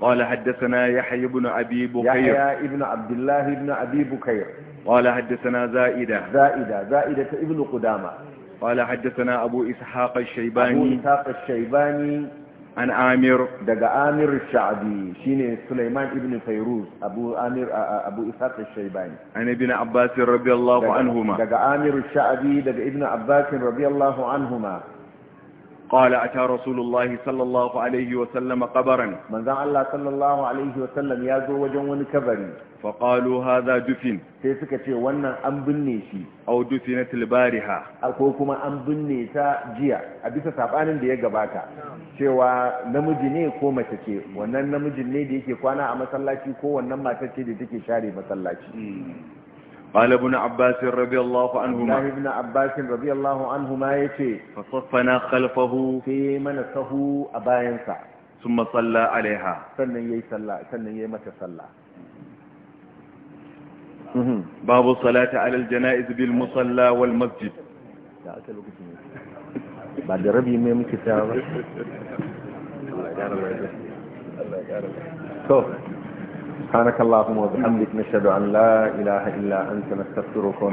قال حدثنا يحيى بن أبي بكير يحيى ابن عبد الله ابن أبي بكير قال حدثنا زائدة زائدة زائدة ابن قدامة قال حدثنا أبو إسحاق الشيباني أبو إسحاق الشيباني an amir daga amir sha'abi shine sulaiman ibn fayruz abu amir abu ishaq al-shaybani an ibn abbas radiyallahu anhuma daga amir sha'abi daga ibn abbas radiyallahu anhuma قال أتى رسول الله صلى الله عليه وسلم قبرا من ذا الله صلى الله عليه وسلم يازو وجون كبري فقالوا هذا دفن سيسك تي وانا أم بنيشي أو دفنت البارحة أقولكم أم بنيتا جيا أبيسا سابان دي يقباكا شوى نمجني كومة تي وانا نمجني دي كي كوانا أما سلاتي كو وانا ما تتي دي تكي شاري مسلاتي قال ابن عباس رضي الله عنهما الله ابن عباس رضي الله عنهما يتي فصفنا خلفه في منسه أباينسا ثم صلى عليها سنن يسلى سنن يمت صلى باب الصلاة على الجنائز بالمصلى والمسجد بعد ربي ما مكتاب الله يجعل الله يجعل الله يجعل سبحانك اللهم وبحمدك نشهد أن لا إله إلا أنت نستغفرك